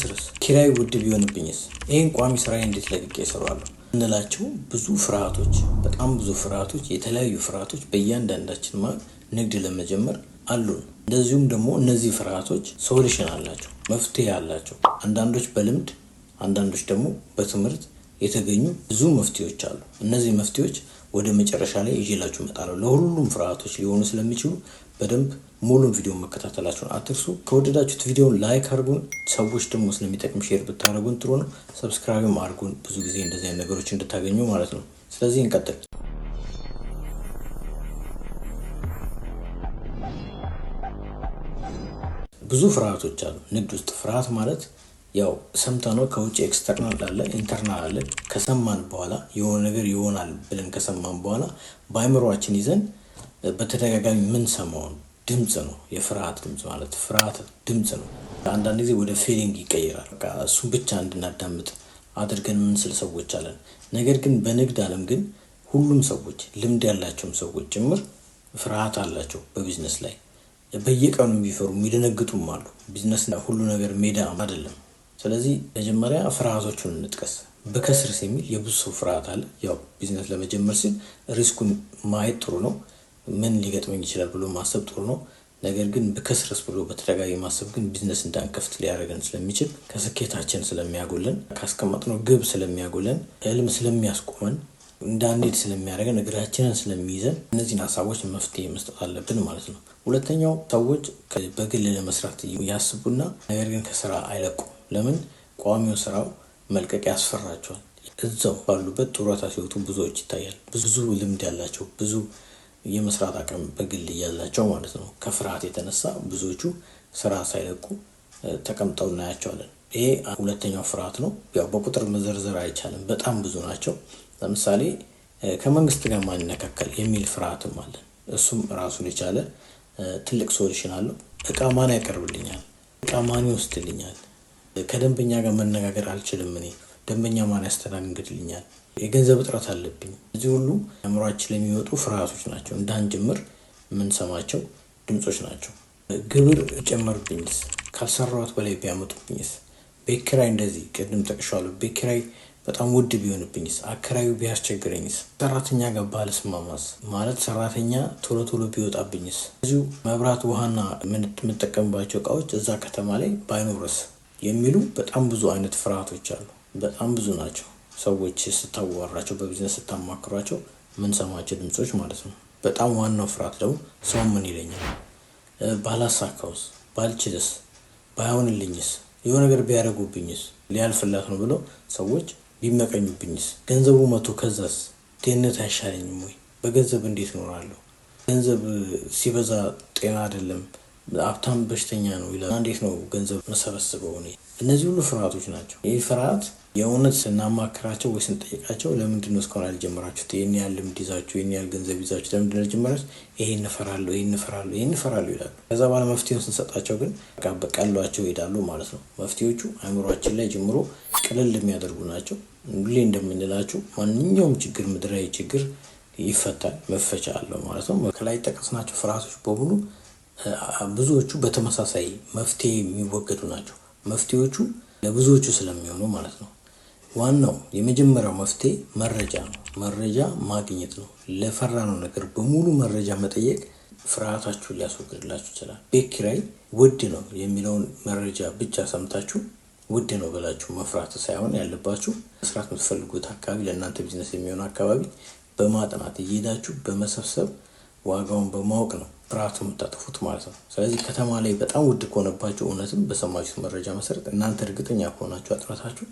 ስርስ ኪራይ ውድ ቢሆንብኝስ ይህን ቋሚ ስራ እንዴት ለቅቄ እሰራዋለሁ እንላቸው ብዙ ፍርሃቶች፣ በጣም ብዙ ፍርሃቶች፣ የተለያዩ ፍርሃቶች በእያንዳንዳችን ማ ንግድ ለመጀመር አሉን። እንደዚሁም ደግሞ እነዚህ ፍርሃቶች ሶሉሽን አላቸው፣ መፍትሄ አላቸው። አንዳንዶች በልምድ አንዳንዶች ደግሞ በትምህርት የተገኙ ብዙ መፍትሄዎች አሉ። እነዚህ መፍትሄዎች ወደ መጨረሻ ላይ ይዤላችሁ እመጣለሁ። ለሁሉም ፍርሃቶች ሊሆኑ ስለሚችሉ በደንብ ሙሉን ቪዲዮ መከታተላችሁን አትርሱ። ከወደዳችሁት ቪዲዮን ላይክ አድርጉን፣ ሰዎች ደግሞ ስለሚጠቅም ሼር ብታደርጉን ጥሩ ነው። ሰብስክራይብም አድርጉን፣ ብዙ ጊዜ እንደዚህ አይነት ነገሮች እንድታገኙ ማለት ነው። ስለዚህ እንቀጥል። ብዙ ፍርሃቶች አሉ ንግድ ውስጥ። ፍርሃት ማለት ያው ሰምተ ነው ከውጭ ኤክስተርናል አለ ኢንተርናል አለ። ከሰማን በኋላ የሆነ ነገር ይሆናል ብለን ከሰማን በኋላ በአይምሯችን ይዘን በተደጋጋሚ የምንሰማውን ድምፅ ነው የፍርሃት ድምፅ ማለት ፍርሃት ድምፅ ነው። አንዳንድ ጊዜ ወደ ፌሊንግ ይቀይራል። እሱ ብቻ እንድናዳምጥ አድርገን የምንስል ሰዎች አለን። ነገር ግን በንግድ አለም ግን ሁሉም ሰዎች ልምድ ያላቸውም ሰዎች ጭምር ፍርሃት አላቸው በቢዝነስ ላይ በየቀኑ የሚፈሩ የሚደነግጡም አሉ። ቢዝነስ ሁሉ ነገር ሜዳ አይደለም። ስለዚህ መጀመሪያ ፍርሃቶቹን እንጥቀስ። በከስርስ የሚል የብዙ ሰው ፍርሃት አለ። ያው ቢዝነስ ለመጀመር ሲል ሪስኩን ማየት ጥሩ ነው። ምን ሊገጥመኝ ይችላል ብሎ ማሰብ ጥሩ ነው። ነገር ግን በከስርስ ብሎ በተደጋጋሚ ማሰብ ግን ቢዝነስ እንዳንከፍት ሊያደርገን ስለሚችል ከስኬታችን ስለሚያጎለን፣ ካስቀመጥነው ግብ ስለሚያጎለን፣ ህልም ስለሚያስቆመን፣ እንዳንሄድ ስለሚያደርገን፣ እግራችንን ስለሚይዘን እነዚህን ሀሳቦች መፍትሄ መስጠት አለብን ማለት ነው። ሁለተኛው ሰዎች በግል ለመስራት ያስቡና ነገር ግን ከስራ አይለቁም። ለምን ቋሚው ስራው መልቀቅ ያስፈራቸዋል። እዛው ባሉበት ጡረታ ሲወጡ ብዙዎች ይታያል። ብዙ ልምድ ያላቸው ብዙ የመስራት አቅም በግል እያላቸው ማለት ነው። ከፍርሃት የተነሳ ብዙዎቹ ስራ ሳይለቁ ተቀምጠው እናያቸዋለን። ይሄ ሁለተኛው ፍርሃት ነው። ያው በቁጥር መዘርዘር አይቻልም፣ በጣም ብዙ ናቸው። ለምሳሌ ከመንግስት ጋር ማን የሚል ፍርሃትም አለን። እሱም ራሱን የቻለ ትልቅ ሶሉሽን አለው። እቃ ማን ያቀርብልኛል? እቃ ማን ይወስድልኛል? ከደንበኛ ጋር መነጋገር አልችልም። እኔ ደንበኛ ማን ያስተናግድልኛል? የገንዘብ እጥረት አለብኝ። እዚህ ሁሉ አእምሯችን ለሚወጡ ፍርሃቶች ናቸው፣ እንዳንጀምር የምንሰማቸው ድምፆች ናቸው። ግብር ጨመርብኝስ? ካልሰራሁት በላይ ቢያመጡብኝስ? ቤት ኪራይ እንደዚህ ቅድም ጠቅሻለሁ። ቤት ኪራይ በጣም ውድ ቢሆንብኝስ? አከራዩ ቢያስቸግረኝስ? ሰራተኛ ጋር ባለስማማስ ማለት ሰራተኛ ቶሎ ቶሎ ቢወጣብኝስ? እዚሁ መብራት፣ ውሃና የምንጠቀምባቸው እቃዎች እዛ ከተማ ላይ ባይኖርስ? የሚሉ በጣም ብዙ አይነት ፍርሃቶች አሉ። በጣም ብዙ ናቸው። ሰዎች ስታዋራቸው፣ በቢዝነስ ስታማክሯቸው ምንሰማቸው ድምፆች ማለት ነው። በጣም ዋናው ፍርሃት ደግሞ ሰው ምን ይለኛል፣ ባላሳካውስ፣ ባልችልስ፣ ባይሆንልኝስ፣ የሆነ ነገር ቢያደርጉብኝስ፣ ሊያልፍላት ነው ብለው ሰዎች ቢመቀኙብኝስ፣ ገንዘቡ መቶ ከዛስ፣ ጤንነት አይሻለኝም ወይ፣ በገንዘብ እንዴት እኖራለሁ፣ ገንዘብ ሲበዛ ጤና አይደለም ሀብታም በሽተኛ ነው ይላል። እንዴት ነው ገንዘብ መሰበስበው? እኔ እነዚህ ሁሉ ፍርሃቶች ናቸው። ይህ ፍርሃት የእውነት ስናማክራቸው ወይ ስንጠይቃቸው ለምንድን ነው እስካሁን አልጀመራችሁት? ይህን ያህል ልምድ ይዛችሁ ይህን ያህል ገንዘብ ይዛችሁ ለምንድን ነው ያልጀመራችሁት? ይሄን እፈራለሁ፣ ይሄን እፈራለሁ፣ ይሄን እፈራለሁ ይላሉ። ከዛ በኋላ መፍትሄውን ስንሰጣቸው ግን በቀሏቸው ይሄዳሉ ማለት ነው። መፍትሄዎቹ አእምሯችን ላይ ጀምሮ ቅልል የሚያደርጉ ናቸው። ሁሌ እንደምንላችሁ ማንኛውም ችግር ምድራዊ ችግር ይፈታል፣ መፈቻ አለው ማለት ነው። ከላይ ጠቀስናቸው ፍርሃቶች በሙሉ ብዙዎቹ በተመሳሳይ መፍትሄ የሚወገዱ ናቸው። መፍትሄዎቹ ለብዙዎቹ ስለሚሆኑ ማለት ነው። ዋናው የመጀመሪያው መፍትሄ መረጃ ነው። መረጃ ማግኘት ነው። ለፈራ ነው ነገር በሙሉ መረጃ መጠየቅ ፍርሃታችሁን ሊያስወግድላችሁ ይችላል። ቤኪራይ ውድ ነው የሚለውን መረጃ ብቻ ሰምታችሁ ውድ ነው ብላችሁ መፍራት ሳይሆን ያለባችሁ መስራት የምትፈልጉት አካባቢ፣ ለእናንተ ቢዝነስ የሚሆን አካባቢ በማጥናት እየሄዳችሁ በመሰብሰብ ዋጋውን በማወቅ ነው ጥራቱ የምታጠፉት ማለት ነው። ስለዚህ ከተማ ላይ በጣም ውድ ከሆነባቸው እውነትም በሰማችሁት መረጃ መሰረት እናንተ እርግጠኛ ከሆናችሁ አጥራታችሁ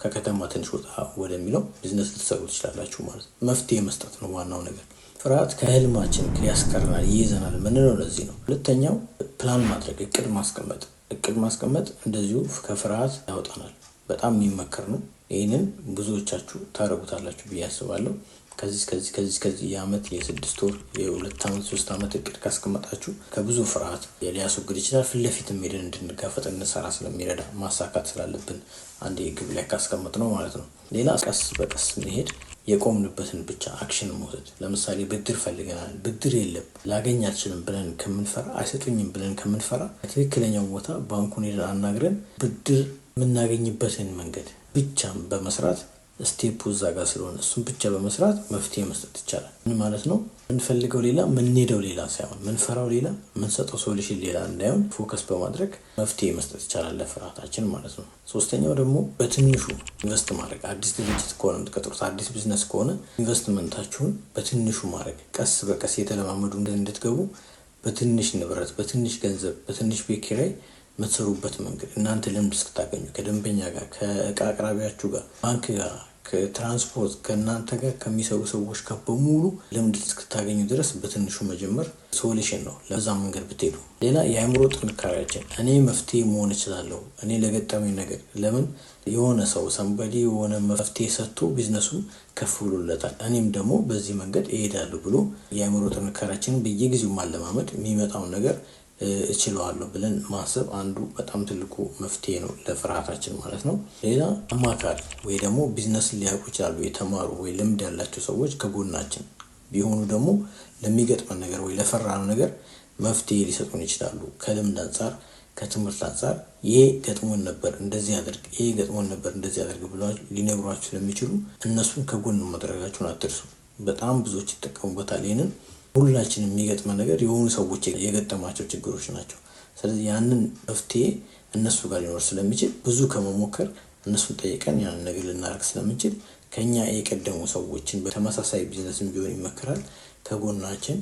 ከከተማ ትንሽ ወጣ ወደሚለው ቢዝነስ ልትሰሩ ትችላላችሁ ማለት ነው። መፍትሄ መስጠት ነው ዋናው ነገር። ፍርሃት ከህልማችን ያስቀርናል ይይዘናል። ምንለው ለዚህ ነው። ሁለተኛው ፕላን ማድረግ እቅድ ማስቀመጥ። እቅድ ማስቀመጥ እንደዚሁ ከፍርሃት ያወጣናል። በጣም የሚመከር ነው። ይህንን ብዙዎቻችሁ ታደርጉታላችሁ ብዬ አስባለሁ። ከዚህ ከዚህ ከዚህ ከዚህ የአመት የስድስት ወር የሁለት አመት ሶስት አመት እቅድ ካስቀመጣችሁ ከብዙ ፍርሃት ሊያስወግድ ይችላል። ፊትለፊት ለፊት ሄደን እንድንጋፈጥ እንሰራ ስለሚረዳ ማሳካት ስላለብን አንድ የግብ ላይ ካስቀመጥ ነው ማለት ነው። ሌላ ቀስ በቀስ መሄድ የቆምንበትን ብቻ አክሽን መውሰድ። ለምሳሌ ብድር ፈልገናል፣ ብድር የለም፣ ላገኝ አልችልም ብለን ከምንፈራ፣ አይሰጡኝም ብለን ከምንፈራ ትክክለኛው ቦታ ባንኩን ሄደን አናግረን ብድር የምናገኝበትን መንገድ ብቻም በመስራት ስቴፑ እዛ ጋር ስለሆነ እሱን ብቻ በመስራት መፍትሄ መስጠት ይቻላል። ምን ማለት ነው? ምንፈልገው ሌላ፣ ምንሄደው ሌላ ሳይሆን ምንፈራው ሌላ፣ ምንሰጠው ሶሉሽን ሌላ እንዳይሆን ፎከስ በማድረግ መፍትሄ መስጠት ይቻላል ለፍርሃታችን ማለት ነው። ሶስተኛው ደግሞ በትንሹ ኢንቨስት ማድረግ። አዲስ ድርጅት ከሆነ የምትቀጥሩት አዲስ ቢዝነስ ከሆነ ኢንቨስትመንታችሁን በትንሹ ማድረግ፣ ቀስ በቀስ የተለማመዱ እንድትገቡ በትንሽ ንብረት፣ በትንሽ ገንዘብ፣ በትንሽ ቤት ኪራይ የምትሰሩበት መንገድ እናንተ ልምድ እስክታገኙ ከደንበኛ ጋር ከእቃ አቅራቢያችሁ ጋር ባንክ ጋር ከትራንስፖርት ከእናንተ ጋር ከሚሰሩ ሰዎች ጋር በሙሉ ልምድ እስክታገኙ ድረስ በትንሹ መጀመር ሶሉሽን ነው። ለዛ መንገድ ብትሄዱ። ሌላ የአእምሮ ጥንካሬያችን እኔ መፍትሄ መሆን እችላለሁ፣ እኔ ለገጠመኝ ነገር ለምን የሆነ ሰው ሰንበዲ የሆነ መፍትሄ ሰጥቶ ቢዝነሱ ከፍ ብሎለታል፣ እኔም ደግሞ በዚህ መንገድ እሄዳለሁ ብሎ የአእምሮ ጥንካሬያችንን በየጊዜው ማለማመድ የሚመጣውን ነገር እችለዋለሁ ብለን ማሰብ አንዱ በጣም ትልቁ መፍትሄ ነው ለፍርሃታችን ማለት ነው። ሌላ አማካሪ ወይ ደግሞ ቢዝነስ ሊያውቁ ይችላሉ የተማሩ ወይ ልምድ ያላቸው ሰዎች ከጎናችን ቢሆኑ ደግሞ ለሚገጥመን ነገር ወይ ለፈራነው ነገር መፍትሄ ሊሰጡን ይችላሉ። ከልምድ አንጻር ከትምህርት አንጻር ይሄ ገጥሞን ነበር እንደዚህ አድርግ፣ ይሄ ገጥሞን ነበር እንደዚህ አድርግ ብሎ ሊነግሯችሁ ስለሚችሉ እነሱን ከጎን ማድረጋችሁን አትርሱ። በጣም ብዙዎች ይጠቀሙበታል ይህንን ሁላችንም የሚገጥመ ነገር የሆኑ ሰዎች የገጠማቸው ችግሮች ናቸው። ስለዚህ ያንን መፍትሄ እነሱ ጋር ሊኖር ስለሚችል ብዙ ከመሞከር እነሱን ጠይቀን ያንን ነገር ልናደርግ ስለምንችል ከኛ የቀደሙ ሰዎችን በተመሳሳይ ቢዝነስ ቢሆን ይመከራል ከጎናችን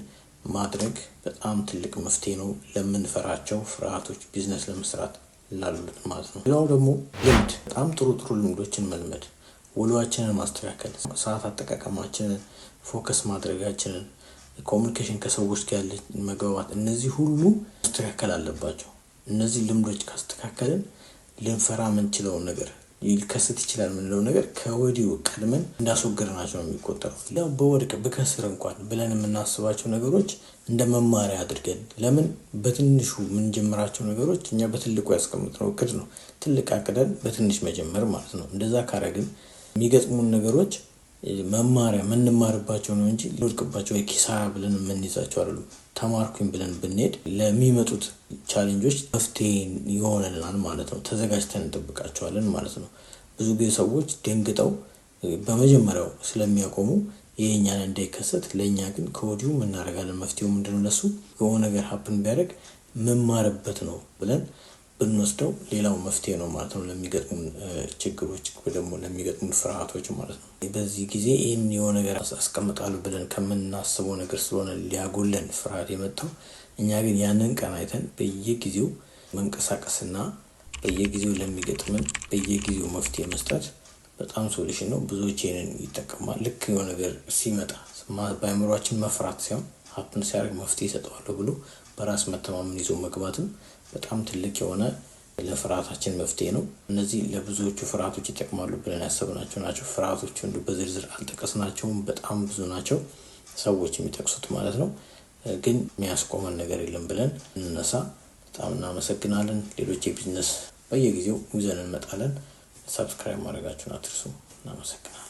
ማድረግ በጣም ትልቅ መፍትሄ ነው ለምንፈራቸው ፍርሃቶች ቢዝነስ ለመስራት ላሉት ማለት ነው። ሌላው ደግሞ ልምድ፣ በጣም ጥሩ ጥሩ ልምዶችን መልመድ፣ ውሏችንን ማስተካከል፣ ሰዓት አጠቃቀማችንን ፎከስ ማድረጋችንን ኮሚኒኬሽን ከሰዎች ጋር ያለ መግባባት፣ እነዚህ ሁሉ ማስተካከል አለባቸው። እነዚህ ልምዶች ካስተካከልን ልንፈራ ምንችለውን ነገር ሊከሰት ይችላል የምንለው ነገር ከወዲሁ ቀድመን ናቸው ነው የሚቆጠረው። ያው በወድቅ ብከስር እንኳን ብለን የምናስባቸው ነገሮች እንደ መማሪያ አድርገን ለምን በትንሹ የምንጀምራቸው ነገሮች እኛ በትልቁ ያስቀምጥነው እቅድ ነው። ትልቅ አቅደን በትንሽ መጀመር ማለት ነው። እንደዛ ካረግን የሚገጥሙን ነገሮች መማሪያ የምንማርባቸው ነው እንጂ ሊወድቅባቸው ወይ ኪሳራ ብለን የምንይዛቸው አሉ። ተማርኩኝ ብለን ብንሄድ ለሚመጡት ቻሌንጆች መፍትሄ ይሆነልናል ማለት ነው። ተዘጋጅተን እንጠብቃቸዋለን ማለት ነው። ብዙ ጊዜ ሰዎች ደንግጠው በመጀመሪያው ስለሚያቆሙ የኛን እንዳይከሰት ለእኛ ግን ከወዲሁ እናደርጋለን። መፍትሄው ምንድነው? ለሱ የሆነ ነገር ሀፕን ቢያደርግ መማርበት ነው ብለን ብንወስደው ሌላው መፍትሄ ነው ማለት ነው ለሚገጥሙን ችግሮች ደግሞ ለሚገጥሙን ፍርሃቶች ማለት ነው። በዚህ ጊዜ ይህን የሆ ነገር አስቀምጣሉ ብለን ከምናስበው ነገር ስለሆነ ሊያጎለን ፍርሃት የመጣው እኛ ግን ያንን ቀን አይተን በየጊዜው መንቀሳቀስና በየጊዜው ለሚገጥምን በየጊዜው መፍትሄ መስጠት በጣም ሶሉሽን ነው። ብዙዎች ይንን ይጠቀማል። ልክ የሆነ ነገር ሲመጣ በአይምሯችን መፍራት ሲሆን ሀፕን ሲያደርግ መፍትሄ ይሰጠዋለሁ ብሎ በራስ መተማመን ይዞ መግባትም በጣም ትልቅ የሆነ ለፍርሃታችን መፍትሄ ነው። እነዚህ ለብዙዎቹ ፍርሃቶች ይጠቅማሉ ብለን ያሰብናቸው ናቸው። ፍርሃቶቹ እንዲሁ በዝርዝር አልጠቀስናቸውም፣ በጣም ብዙ ናቸው ሰዎች የሚጠቅሱት ማለት ነው። ግን የሚያስቆመን ነገር የለም ብለን እንነሳ። በጣም እናመሰግናለን። ሌሎች የቢዝነስ በየጊዜው ይዘን እንመጣለን። ሰብስክራይብ ማድረጋችሁን አትርሱ። እናመሰግናለን።